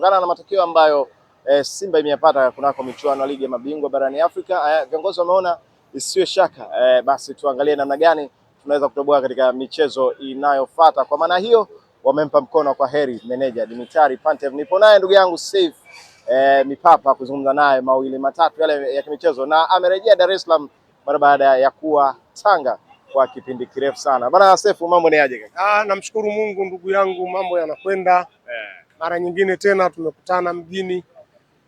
kutokana na matokeo ambayo e, Simba imeyapata kunako michuano ya ligi ya mabingwa barani Afrika. Eh, viongozi wameona isiwe shaka e, basi tuangalie namna gani tunaweza kutoboa katika michezo inayofuata. Kwa maana hiyo wamempa mkono kwa heri meneja Dimitari Pantev. Nipo naye ndugu yangu Saif e, Mipapa kuzungumza naye mawili matatu yale ya kimichezo, na amerejea Dar es Salaam mara baada ya kuwa Tanga kwa kipindi kirefu sana. Bana Sefu, mambo ni aje kaka? Ah, namshukuru Mungu ndugu yangu, mambo yanakwenda eh mara nyingine tena tumekutana mjini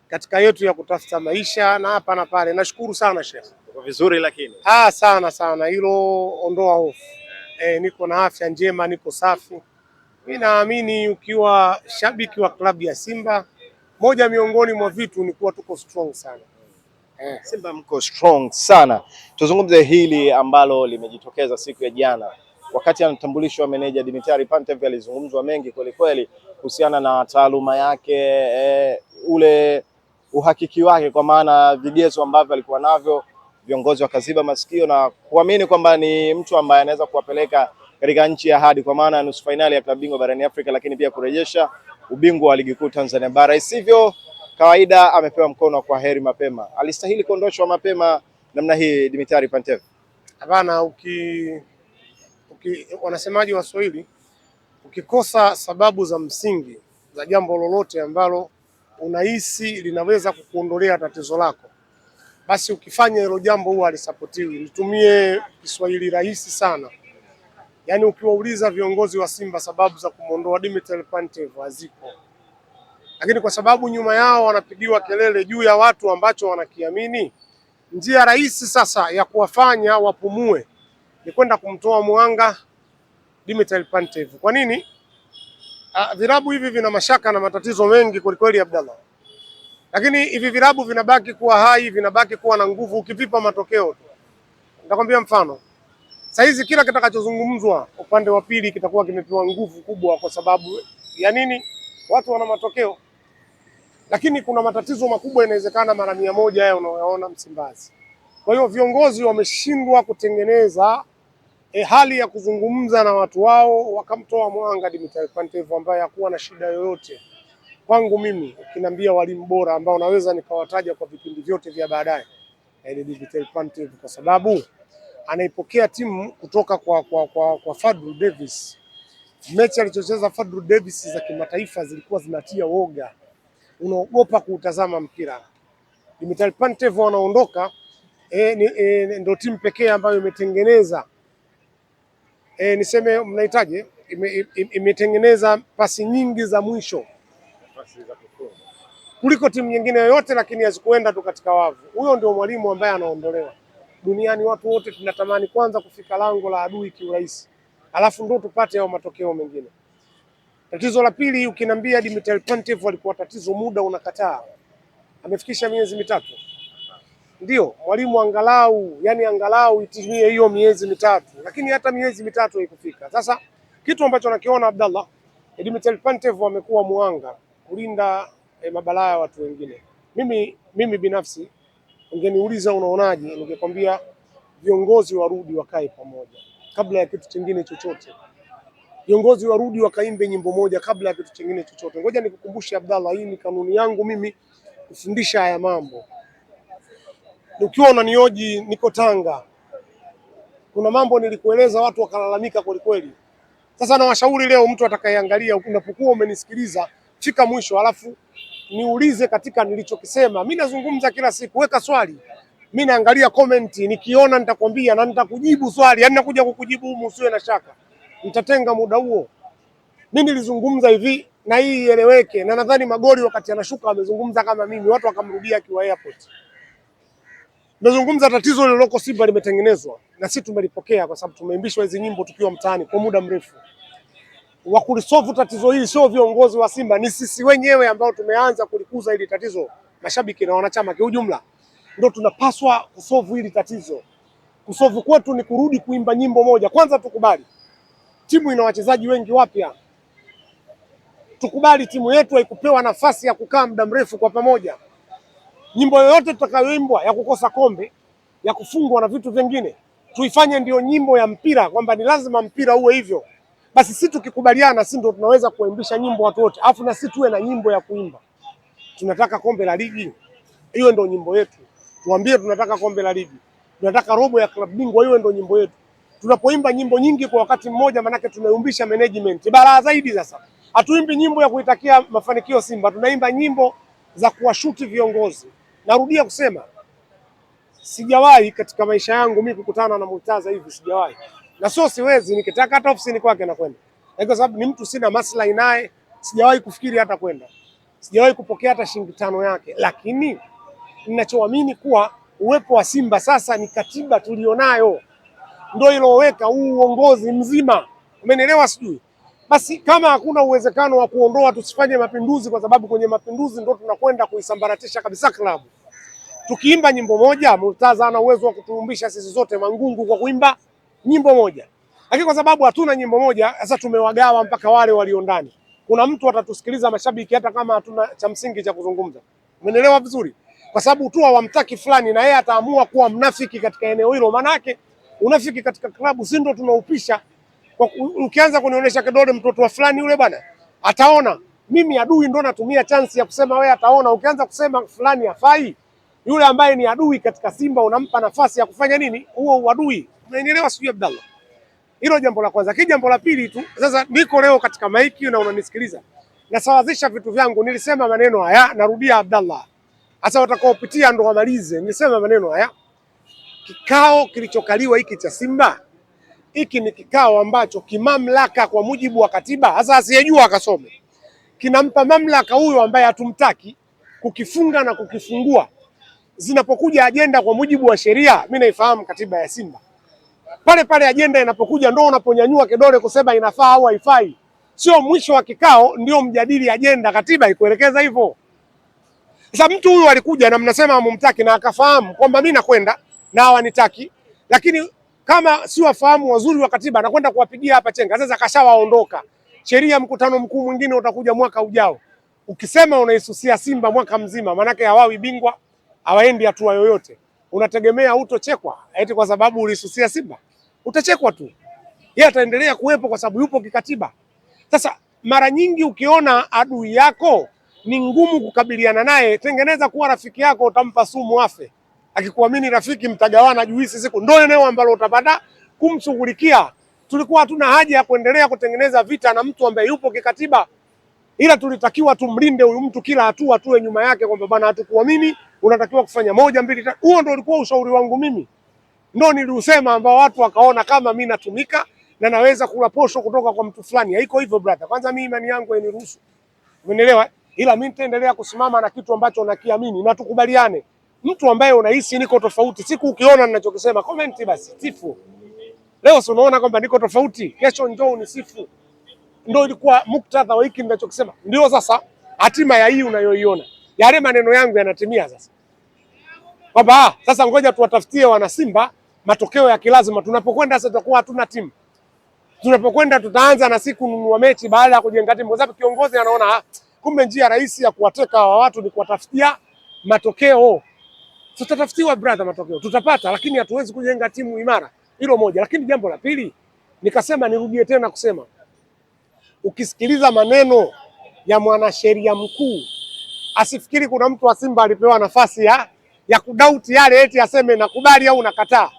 katika yetu ya kutafuta maisha na hapa na pale. Nashukuru sana Sheikh. Uko vizuri lakini? Ah, sana sana, hilo ondoa hofu. E, niko na afya njema, niko safi. Mimi naamini ukiwa shabiki wa klabu ya Simba, moja miongoni mwa vitu ni kuwa tuko strong sana. E. Simba mko strong sana. Tuzungumze hili ambalo limejitokeza siku ya jana Wakati anatambulishwa meneja Dimitari Pantev alizungumzwa mengi kweli kweli kuhusiana na taaluma yake, e, ule uhakiki wake kwa maana vigezo ambavyo alikuwa navyo, viongozi wakaziba masikio na kuamini kwamba ni mtu ambaye anaweza kuwapeleka katika nchi ya hadi kwa maana nusu fainali ya klabu bingwa barani Afrika, lakini pia kurejesha ubingwa wa ligi kuu Tanzania bara. Isivyo kawaida, amepewa mkono wa heri mapema. Alistahili kuondoshwa mapema namna hii Dimitari Pantev? Hapana, uki uki, wanasemaji Waswahili, ukikosa sababu za msingi za jambo lolote ambalo unahisi linaweza kukuondolea tatizo lako, basi ukifanya hilo jambo huwa alisapotiwi. Nitumie Kiswahili rahisi sana, yaani ukiwauliza viongozi wa Simba sababu za kumwondoa Dimitri Pantev hazipo, lakini kwa sababu nyuma yao wanapigiwa kelele juu ya watu ambacho wanakiamini, njia rahisi sasa ya kuwafanya wapumue ni kwenda kumtoa mwanga Dimitar Pantev. Kwa nini? A, ah, vilabu hivi vina mashaka na matatizo mengi kwelikweli, Abdallah, lakini hivi vilabu vinabaki kuwa hai, vinabaki kuwa na nguvu ukivipa matokeo tu. Nitakwambia mfano saizi, kila kitakachozungumzwa upande wa pili kitakuwa kimepewa nguvu kubwa, kwa sababu ya nini? Watu wana matokeo, lakini kuna matatizo makubwa inawezekana mara mia moja haya unaoyaona Msimbazi. Kwa hiyo viongozi wameshindwa kutengeneza e, hali ya kuzungumza na watu wao wakamtoa mwanga Dimitri Pantev ambaye hakuwa na shida yoyote. Kwangu mimi ukiniambia walimu bora ambao naweza nikawataja kwa vipindi vyote vya baadaye e, ni Dimitri Pantev kwa sababu anaipokea timu kutoka kwa, kwa, kwa, kwa Fadlu Davis. Mechi alizocheza Fadlu Davis za kimataifa zilikuwa zinatia woga, unaogopa kuutazama mpira. Dimitri Pantev anaondoka e, e, ndio timu pekee ambayo imetengeneza e, niseme mnahitaji imetengeneza ime, ime pasi nyingi za mwisho kuliko timu nyingine yoyote, lakini hazikuenda tu katika wavu. Huyo ndio mwalimu ambaye anaondolewa duniani. Watu wote tunatamani kwanza kufika lango la adui kiurahisi, alafu ndo tupate hao matokeo mengine. Tatizo la pili, ukiniambia Dimitri Pantev alikuwa tatizo muda, unakataa. Amefikisha miezi mitatu ndio mwalimu angalau, yani angalau itimie hiyo miezi mitatu, lakini hata miezi mitatu haikufika. Sasa kitu ambacho nakiona Abdallah, Dimitar Pantev amekuwa mwanga kulinda e, mabalaa ya watu wengine. Mimi mimi binafsi ungeniuliza unaonaje, ningekwambia viongozi warudi wakae pamoja kabla ya kitu kingine chochote. Viongozi warudi wakaimbe nyimbo moja kabla ya kitu kingine chochote. Ngoja nikukumbushe Abdallah, hii ni kanuni yangu mimi kufundisha haya mambo ukiwa unanioji niko Tanga, kuna mambo nilikueleza, watu wakalalamika kweli kweli. Sasa nawashauri leo, mtu atakayeangalia, unapokuwa umenisikiliza fika mwisho, alafu niulize katika nilichokisema. Mimi nazungumza kila siku, weka swali, mimi naangalia comment, nikiona nitakwambia na nitakujibu swali, yani nakuja kukujibu humu, usiwe na shaka, nitatenga muda huo. Mimi nilizungumza hivi na hii ieleweke, na nadhani Magoli wakati anashuka amezungumza kama mimi, watu wakamrudia akiwa airport. Nazungumza tatizo lililoko Simba limetengenezwa na sisi tumelipokea kwa sababu tumeimbishwa hizi nyimbo tukiwa mtaani kwa muda mrefu. Wa kulisolve tatizo hili sio viongozi wa Simba, ni sisi wenyewe ambao tumeanza kulikuza hili tatizo, mashabiki na wanachama kwa ujumla, ndio tunapaswa kusolve hili tatizo. Kusolve kwetu ni kurudi kuimba nyimbo moja. Kwanza tukubali timu ina wachezaji wengi wapya, tukubali timu yetu haikupewa nafasi ya kukaa muda mrefu kwa pamoja. Nyimbo yoyote tutakayoimbwa ya kukosa kombe, ya kufungwa na vitu vingine, tuifanye ndiyo nyimbo ya mpira, kwamba ni lazima mpira uwe hivyo. Basi si tukikubaliana, si ndio tunaweza kuimbisha nyimbo watu wote, afu na si tuwe na nyimbo ya kuimba. Tunataka kombe la ligi, hiyo ndio nyimbo yetu. Tuambie tunataka kombe la ligi, tunataka robo ya klabu bingwa, hiyo ndio nyimbo yetu. Tunapoimba nyimbo nyingi kwa wakati mmoja, manake tunaiumbisha management balaa zaidi. Sasa hatuimbi nyimbo ya kuitakia mafanikio Simba, tunaimba nyimbo za kuwashuti viongozi. Narudia kusema sijawahi katika maisha yangu mimi kukutana na Murtaza hivi, sijawahi na sio siwezi, nikitaka hata ofisini kwake na kwenda, yaani kwa sababu ni mtu sina maslahi naye, sijawahi kufikiri hata kwenda, sijawahi kupokea hata shilingi tano yake, lakini ninachoamini kuwa uwepo wa Simba sasa ni katiba tulionayo, ndio iloweka huu uongozi mzima, umenielewa sijui basi kama hakuna uwezekano wa kuondoa, tusifanye mapinduzi, kwa sababu kwenye mapinduzi ndo tunakwenda kuisambaratisha kabisa klabu. Tukiimba nyimbo moja, Murtaza ana uwezo wa kutuumbisha sisi zote mangungu kwa kuimba nyimbo moja, lakini kwa sababu hatuna nyimbo moja, sasa tumewagawa mpaka wale walio ndani. Kuna mtu atatusikiliza mashabiki, hata kama hatuna cha msingi cha kuzungumza. Umeelewa vizuri? Kwa sababu tu hawamtaki fulani, na yeye ataamua kuwa mnafiki katika eneo hilo. Maanake unafiki katika klabu si ndio tunaupisha kwa ukianza kunionyesha kidole mtoto wa fulani yule bwana ataona mimi adui ndo natumia chansi ya kusema wewe ataona. Ukianza kusema fulani hafai, yule ambaye ni adui katika Simba unampa nafasi ya kufanya nini? Huo uadui. Unanielewa sijui Abdallah? Hilo jambo la kwanza. Kija jambo la pili tu. Sasa niko leo katika maiki na unanisikiliza. Nasawazisha vitu vyangu. Nilisema maneno haya, narudia Abdallah. Sasa watakaopitia ndo wamalize. Nilisema maneno haya. Kikao kilichokaliwa hiki cha Simba hiki ni kikao ambacho kimamlaka kwa mujibu wa katiba, hasa asiyejua akasome, kinampa mamlaka huyo ambaye hatumtaki kukifunga na kukifungua. Zinapokuja ajenda kwa mujibu wa sheria, mimi naifahamu katiba ya Simba, pale pale ajenda inapokuja ndo unaponyanyua kidole kusema inafaa au haifai. Sio mwisho wa kikao ndio mjadili ajenda, katiba ikuelekeza hivyo. Sasa mtu huyu alikuja na mnasema amumtaki na akafahamu kwamba mimi nakwenda na hawanitaki, lakini kama si wafahamu wazuri wa katiba anakwenda kuwapigia hapa chenga. Sasa kashawaondoka sheria, mkutano mkuu mwingine utakuja mwaka ujao. Ukisema unaisusia Simba mwaka mzima, maanake hawawi bingwa, hawaendi hatua yoyote. Unategemea utochekwa eti kwa sababu ulisusia Simba? Utachekwa tu, yeye ataendelea kuwepo kwa sababu yupo kikatiba. Sasa mara nyingi ukiona adui yako ni ngumu kukabiliana naye, tengeneza kuwa rafiki yako, utampa sumu afe akikuamini rafiki, mtagawana juisi siku. Ndio eneo ambalo utapata kumshughulikia. Tulikuwa hatuna haja ya kuendelea kutengeneza vita na mtu ambaye yupo kikatiba, ila tulitakiwa tumlinde huyu mtu kila hatua, tuwe nyuma yake kwamba bana, hatukuamini, unatakiwa kufanya moja mbili tatu. Huo ndio ulikuwa ushauri wangu mimi, ndio niliusema, ambao watu wakaona kama mimi natumika na naweza kula posho kutoka kwa mtu fulani. Haiko hivyo brother, kwanza mimi imani yangu hainiruhusu, umeelewa? Ila mimi nitaendelea kusimama na kitu ambacho nakiamini na tukubaliane mtu ambaye unahisi niko tofauti siku, ukiona ninachokisema comment basi sifu. Leo si unaona kwamba niko tofauti, kesho njoo unisifu. Ndio ilikuwa muktadha wa hiki ninachokisema. Ndio sasa hatima ya hii unayoiona, yale maneno yangu yanatimia sasa, kwamba ah, sasa ngoja tuwatafutie wana Simba matokeo ya kilazima. Tunapokwenda sasa tutakuwa hatuna timu, tunapokwenda tutaanza na siku nunua mechi baada ya kujenga timu, kwa sababu kiongozi anaona ah, kumbe njia rahisi ya kuwateka hawa watu ni kuwatafutia matokeo tutatafutiwa brother, matokeo tutapata, lakini hatuwezi kujenga timu imara. Hilo moja, lakini jambo la pili nikasema, nirudie tena kusema, ukisikiliza maneno ya mwanasheria mkuu asifikiri kuna mtu wa Simba alipewa nafasi ya, ya kudauti yale eti aseme nakubali au nakataa,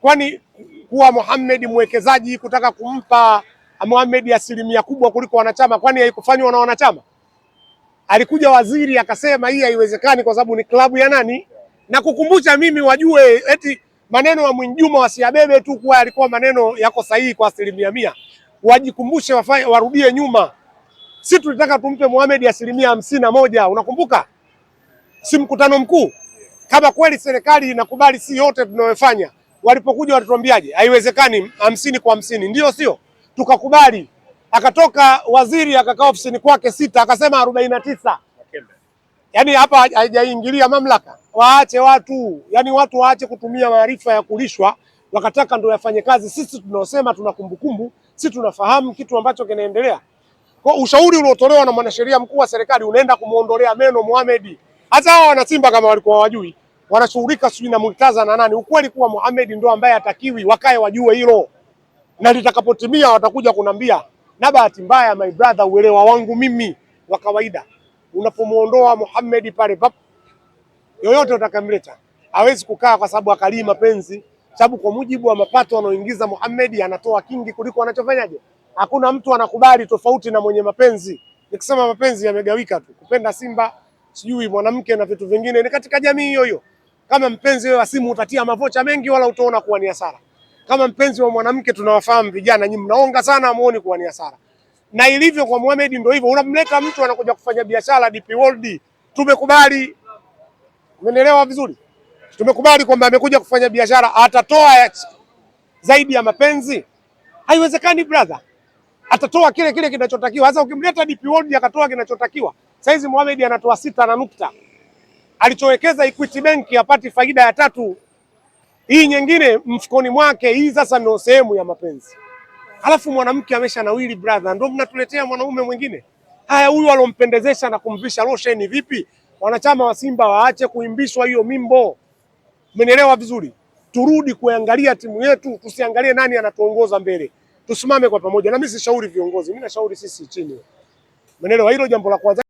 kwani kuwa Mohamed mwekezaji kutaka kumpa Mohamed asilimia kubwa kuliko wanachama, kwani haikufanywa na wanachama? Alikuja waziri akasema hii haiwezekani kwa sababu ni klabu ya nani na kukumbusha mimi wajue eti maneno ya Mwinjuma wasiyabebe tu kuwa yalikuwa maneno yako sahihi kwa asilimia mia. Wajikumbushe wafanye, warudie nyuma. Si tulitaka tumpe Mohamed asilimia hamsini na moja, unakumbuka? Si mkutano mkuu, kama kweli serikali inakubali si yote tunayofanya. Walipokuja walituambiaje? Haiwezekani hamsini kwa hamsini, ndio sio? Tukakubali. Akatoka waziri akakaa ofisini kwake sita, akasema arobaini na tisa. Yaani hapa haijaingilia mamlaka, waache watu, yaani watu waache kutumia maarifa ya kulishwa wakataka ndio yafanye kazi. Sisi tunaosema tuna kumbukumbu, sisi tunafahamu kitu ambacho kinaendelea. Kwa ushauri uliotolewa na mwanasheria mkuu wa serikali unaenda kumuondolea meno Mohamed. Hata hao wana Simba kama walikuwa wajui, wanashughulika sijui na Murtaza na nani. Ukweli kuwa Mohamed ndio ambaye atakiwi, wakae wajue hilo, na litakapotimia watakuja kunambia. Na bahati mbaya, my brother, uelewa wangu mimi wa kawaida unapomuondoa Muhammad pale papo, yoyote utakamleta hawezi kukaa, kwa sababu akalii mapenzi, sababu kwa mujibu wa mapato anaoingiza Muhammad anatoa kingi kuliko anachofanyaje. Hakuna mtu anakubali tofauti na mwenye mapenzi. Nikisema mapenzi yamegawika tu, kupenda Simba, sijui mwanamke na vitu vingine, ni katika jamii hiyo hiyo. Kama mpenzi wa simu utatia mavocha mengi, wala utaona kuwa ni hasara. Kama mpenzi wa mwanamke, tunawafahamu vijana, nyinyi mnaonga sana, muone kuwa ni hasara na ilivyo kwa Mohamed ndio hivyo, unamleta mtu anakuja kufanya biashara DP World. Tumekubali, umeelewa vizuri, tumekubali kwamba amekuja kufanya biashara, atatoa ya zaidi ya mapenzi? Haiwezekani brother, atatoa kile kile kinachotakiwa. Sasa ukimleta DP World akatoa kinachotakiwa, saizi Mohamed anatoa sita na nukta, alichowekeza Equity Bank apati faida ya tatu, hii nyingine mfukoni mwake. Hii sasa ndio sehemu ya mapenzi alafu mwanamke amesha nawili brother, ndio mnatuletea mwanaume mwingine. Haya, huyu alompendezesha na kumvisha losheni vipi? Wanachama wa Simba waache kuimbishwa hiyo mimbo, umenielewa vizuri? Turudi kuangalia timu yetu, tusiangalie nani anatuongoza mbele, tusimame kwa pamoja. Na mimi sishauri viongozi, mimi nashauri sisi chini, umenielewa? Hilo jambo la kwanza.